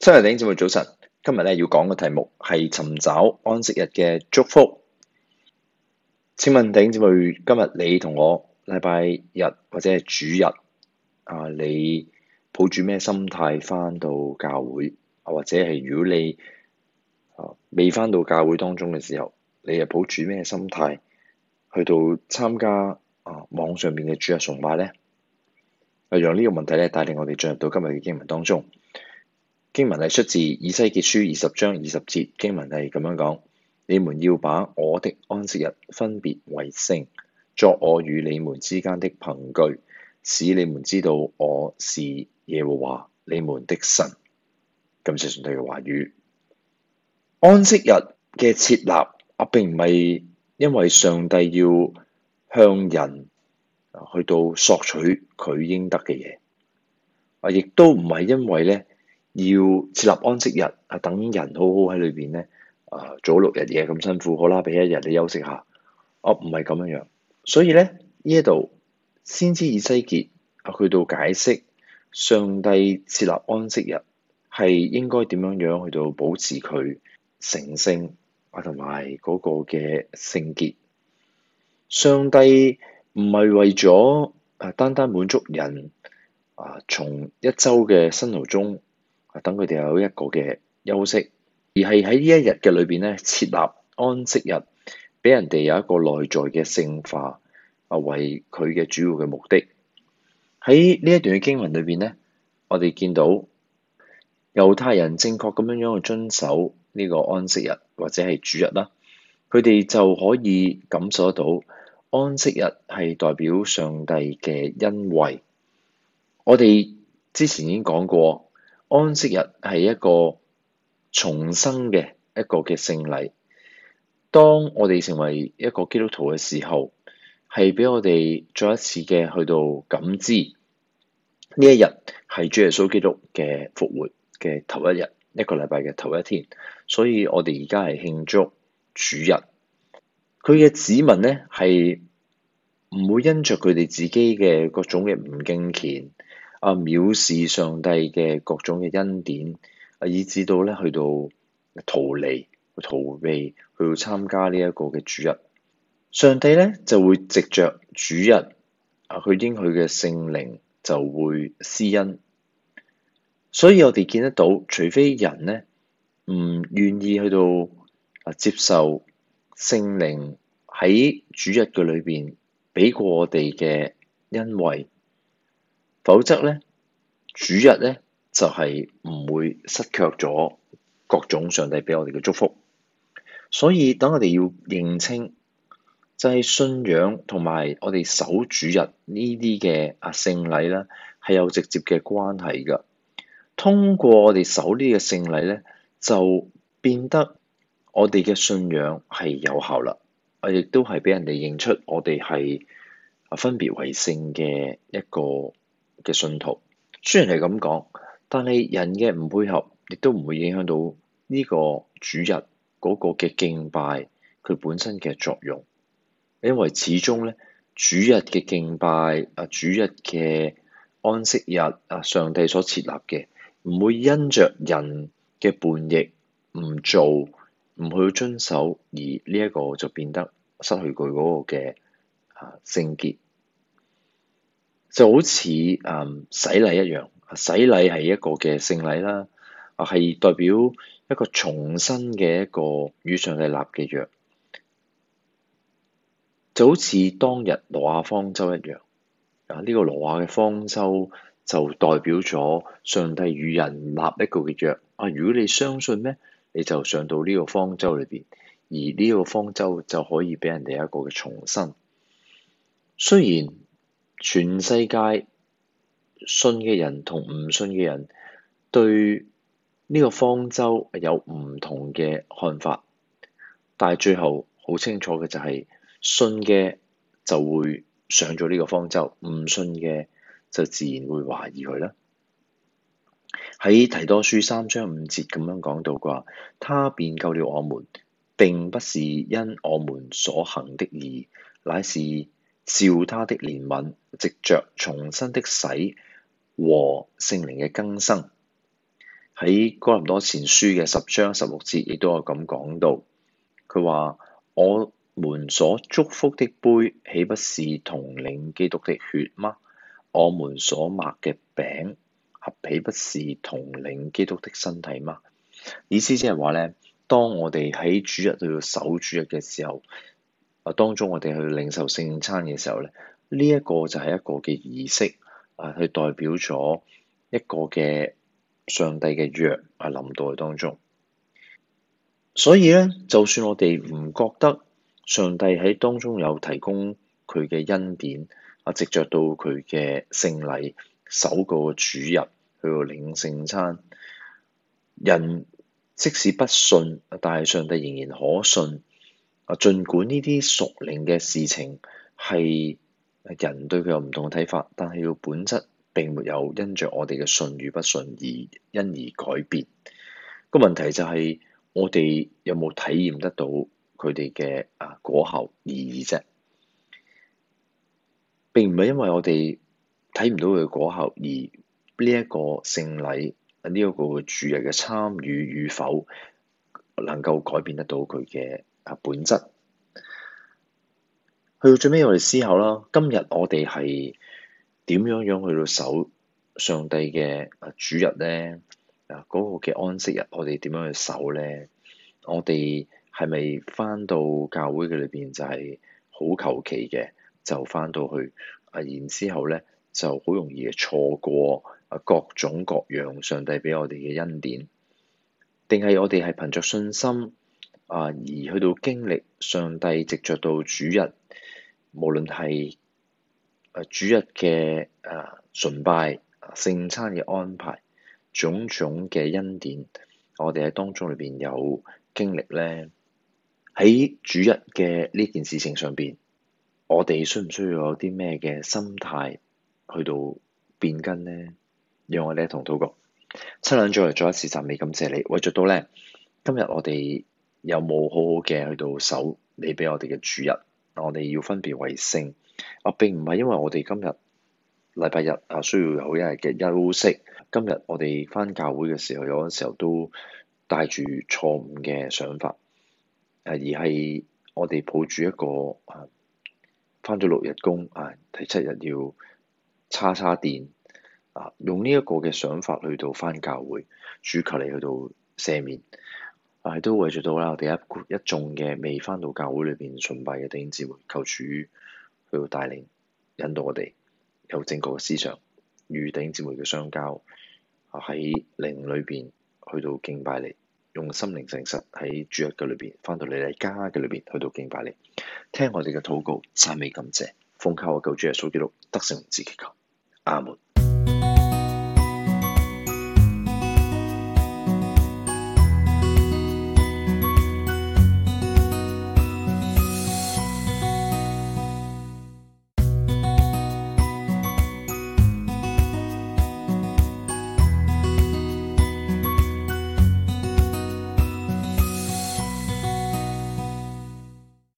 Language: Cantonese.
七日頂姊妹早晨，今日咧，要講嘅題目係尋找安息日嘅祝福。請問頂姊妹，今日你同我禮拜日或者係主日啊？你抱住咩心態翻到教會，或者係如果你未翻，啊，到教會當中嘅時候，你又抱住咩心態去到參加啊網上面嘅主日崇拜咧？啊，讓呢個問題咧帶領我哋進入到今日嘅經文當中。經文係出自以西結書二十章二十節，經文係咁樣講：你們要把我的安息日分別為聖，作我與你們之間的憑據，使你們知道我是耶和華你們的神。感謝上帝嘅話語。安息日嘅設立啊，並唔係因為上帝要向人去到索取佢應得嘅嘢，啊，亦都唔係因為咧。要設立安息日啊！等人好好喺裏邊咧，啊，做六日嘢咁辛苦，好啦，俾一日你休息下。哦、啊，唔係咁樣樣，所以咧，呢一度先知以西結啊去到解釋上帝設立安息日係應該點樣樣去到保持佢成聖啊，聖啊，同埋嗰個嘅聖潔。上帝唔係為咗啊單單滿足人啊，從一周嘅辛勞中。等佢哋有一個嘅休息，而係喺呢一日嘅裏邊咧，設立安息日，俾人哋有一個內在嘅聖化，啊，為佢嘅主要嘅目的。喺呢一段嘅經文裏邊咧，我哋見到猶太人正確咁樣樣去遵守呢個安息日，或者係主日啦，佢哋就可以感受得到安息日係代表上帝嘅恩惠。我哋之前已經講過。安息日係一個重生嘅一個嘅聖禮。當我哋成為一個基督徒嘅時候，係俾我哋再一次嘅去到感知呢一日係主耶穌基督嘅復活嘅頭一日，一個禮拜嘅頭一天。所以我哋而家係慶祝主日。佢嘅子民咧係唔會因着佢哋自己嘅各種嘅唔敬虔，啊！藐視上帝嘅各種嘅恩典，啊，以致到咧去到逃離、逃避，去到參加呢一個嘅主日，上帝咧就會藉着主日啊，佢應許嘅聖靈就會施恩。所以我哋見得到，除非人咧唔願意去到啊接受聖靈喺主日嘅裏邊俾過我哋嘅恩惠。否則咧，主日咧就係、是、唔會失卻咗各種上帝俾我哋嘅祝福。所以等我哋要認清，就係、是、信仰同埋我哋守主日呢啲嘅啊聖禮啦，係有直接嘅關係噶。通過我哋守呢嘅聖禮咧，就變得我哋嘅信仰係有效啦。我亦都係俾人哋認出我哋係啊分別為聖嘅一個。嘅信徒。雖然係咁講，但係人嘅唔配合，亦都唔會影響到呢個主日嗰個嘅敬拜佢本身嘅作用，因為始終咧主日嘅敬拜啊，主日嘅安息日啊，上帝所設立嘅，唔會因着人嘅叛逆唔做、唔去遵守，而呢一個就變得失去佢嗰個嘅啊聖潔。就好似誒，洗禮一樣，洗禮係一個嘅聖禮啦，啊係代表一個重生嘅一個與上帝立嘅約，就好似當日挪亞方舟一樣，啊、這、呢個挪亞嘅方舟就代表咗上帝與人立一個嘅約，啊如果你相信咩，你就上到呢個方舟裏邊，而呢個方舟就可以畀人哋一個嘅重生，雖然。全世界信嘅人同唔信嘅人對呢個方舟有唔同嘅看法，但係最後好清楚嘅就係、是、信嘅就會上咗呢個方舟，唔信嘅就自然會懷疑佢啦。喺提多書三章五節咁樣講到啩，他便救了我們，並不是因我們所行的義，乃是照他的憐憫，藉着重生的洗和聖靈嘅更生。喺哥林多前書嘅十章十六節亦都有咁講到。佢話：我們所祝福的杯，豈不是同領基督的血嗎？我們所擘嘅餅，合豈不是同領基督的身體嗎？意思即係話咧，當我哋喺主日要守主日嘅時候。啊，當中我哋去領受聖餐嘅時候咧，呢、這個、一個就係一個嘅儀式啊，去代表咗一個嘅上帝嘅約啊，臨在當中。所以咧，就算我哋唔覺得上帝喺當中有提供佢嘅恩典啊，藉著到佢嘅聖禮，守個主日去領聖餐，人即使不信，但係上帝仍然可信。啊，儘管呢啲屬靈嘅事情係人對佢有唔同嘅睇法，但係佢本質並沒有因着我哋嘅信與不信而因而改變。個問題就係、是、我哋有冇體驗得到佢哋嘅啊果效而已啫？並唔係因為我哋睇唔到佢果效而呢一個聖禮呢一、這個主日嘅參與與否能夠改變得到佢嘅。本質去到最尾，我哋思考啦。今日我哋係點樣樣去到守上帝嘅主日呢？嗱，嗰個嘅安息日，我哋點樣去守呢？我哋係咪翻到教會嘅裏邊就係好求其嘅，就翻到去啊？然之後呢就好容易錯過啊各種各樣上帝俾我哋嘅恩典，定係我哋係憑着信心？啊！而去到經歷上帝藉着到主日，無論係誒主日嘅誒崇拜、聖餐嘅安排，種種嘅恩典，我哋喺當中裏邊有經歷咧。喺主日嘅呢件事情上邊，我哋需唔需要有啲咩嘅心態去到變更咧？讓我哋一同討論。七兩，再又再一次讚美感謝你，為着到咧，今日我哋。有冇好好嘅去到守你俾我哋嘅主日？我哋要分別為聖。我、啊、並唔係因為我哋今日禮拜日啊需要有一日嘅休息。今日我哋翻教會嘅時候，有陣時候都帶住錯誤嘅想法，誒、啊、而係我哋抱住一個啊翻咗六日工啊，第七日要叉叉電啊，用呢一個嘅想法去到翻教會，主求你去到赦免。係、啊、都為咗到啦！我哋一一眾嘅未翻到教會裏邊崇拜嘅弟兄姊妹，求主去到帶領、引導我哋有正確嘅思想，與弟兄姊妹嘅相交，喺靈裏邊去到敬拜你，用心靈誠實喺主日嘅裏邊，翻到你哋家嘅裏邊去到敬拜你，聽我哋嘅禱告，讚美感謝，奉靠我救主耶穌基督，得勝至求。阿門。